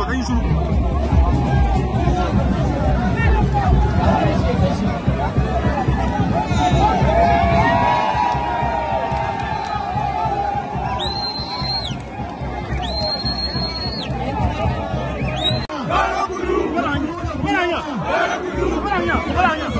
kawai dan shiru Baranya, baranya, baranya, baranya.